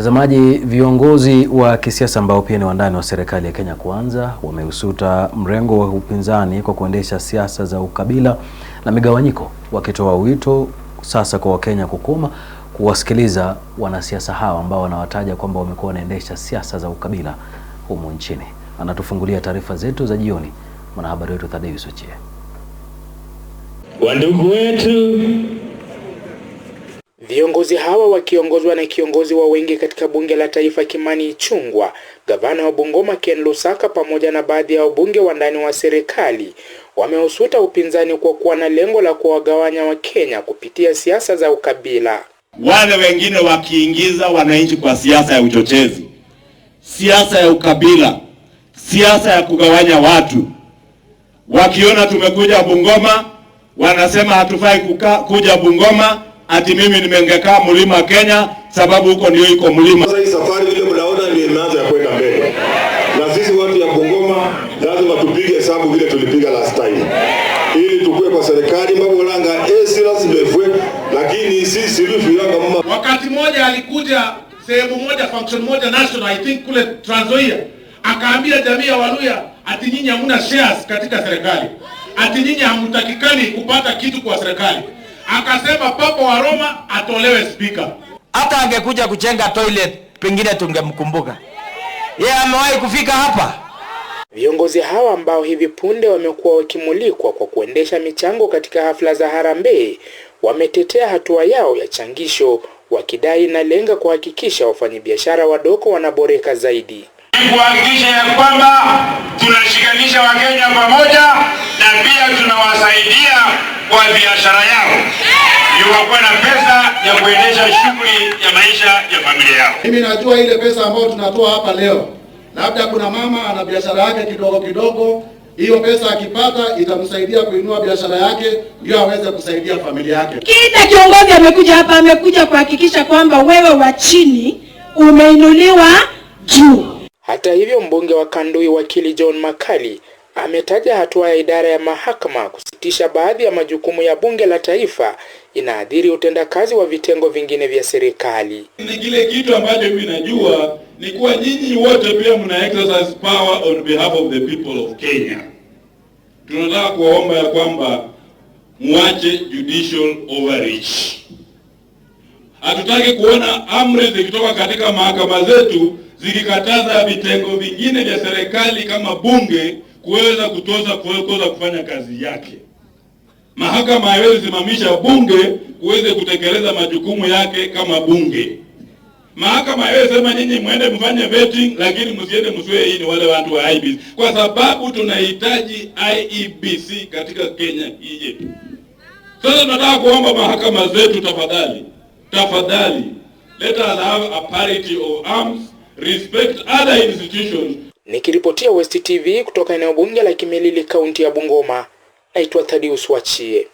Mtazamaji, viongozi wa kisiasa ambao pia ni wandani wa serikali ya Kenya Kwanza wameusuta mrengo wa upinzani kwa kuendesha siasa za ukabila na migawanyiko, wakitoa wito sasa kwa Wakenya kukoma kuwasikiliza wanasiasa hawa ambao wanawataja kwamba wamekuwa wanaendesha siasa za ukabila humu nchini. Anatufungulia taarifa zetu za jioni mwanahabari wetu Thadeus Ochie. Wandugu wetu Viongozi hawa wakiongozwa na kiongozi wa wengi katika bunge la taifa Kimani ichungwa gavana wa Bungoma Ken Lusaka, pamoja na baadhi ya wabunge wa ndani wa serikali wamehusuta upinzani kwa kuwa na lengo la kuwagawanya Wakenya kupitia siasa za ukabila, wale wengine wakiingiza wananchi kwa siasa ya uchochezi, siasa ya ukabila, siasa ya kugawanya watu. Wakiona tumekuja Bungoma wanasema hatufai kuka, kuja Bungoma ati mimi nimengekaa mlima Kenya sababu huko ndio iko mlima. Sasa hii safari vile mnaona ndio imeanza ya kwenda mbele, na sisi watu ya Bungoma lazima tupige hesabu vile tulipiga last time, ili tukue kwa serikali mambo langa esilas befwe, lakini sisi tulifiranga mama. Wakati mmoja alikuja sehemu moja function moja national I think kule Trans Nzoia, akaambia jamii ya Waluya ati nyinyi hamuna shares katika serikali, ati nyinyi hamtakikani kupata kitu kwa serikali akasema Papa wa Roma atolewe spika. Hata angekuja kuchenga toilet pengine tungemkumbuka yeye. Yeah, amewahi kufika hapa. Viongozi hawa ambao hivi punde wamekuwa wakimulikwa kwa kuendesha michango katika hafla za harambee wametetea hatua yao ya changisho, wakidai inalenga kuhakikisha wafanyabiashara wadogo wanaboreka zaidi kuhakikisha ya kwamba kwa biashara yao ndio na pesa ya kuendesha shughuli ya maisha ya familia yao. Mimi najua ile pesa ambayo tunatoa hapa leo, labda kuna mama ana biashara yake kidogo kidogo, hiyo pesa akipata itamsaidia kuinua biashara yake, ndio aweze kusaidia familia yake. Kila kiongozi amekuja hapa, amekuja kuhakikisha kwamba wewe wa chini umeinuliwa juu. Hata hivyo, mbunge wa Kandui wakili John Makali ametaja hatua ya idara ya mahakama kusitisha baadhi ya majukumu ya Bunge la Taifa inaathiri utendakazi wa vitengo vingine vya serikali. Ni kile kitu ambacho mimi najua ni kuwa nyinyi wote pia mna exercise power on behalf of the people of Kenya. Tunataka kuwaomba ya kwamba muache judicial overreach. Hatutaki kuona amri zikitoka katika mahakama zetu zikikataza vitengo vingine vya serikali kama bunge kuweza kutoza kuweza kufanya kazi yake. Mahakama haiwezi simamisha bunge kuweze kutekeleza majukumu yake kama bunge. Mahakama haiwezi sema nyinyi mwende mfanye vetting, lakini msiende msiwe hii ni wale watu wa IBC, kwa sababu tunahitaji IEBC katika Kenya hii Sasa tunataka kuomba mahakama zetu, tafadhali, tafadhali, let us have a parity of arms, respect other institutions. Nikiripotia West TV kutoka eneo bunge la Kimilili, kaunti ya Bungoma naitwa Thaddeus Wachie.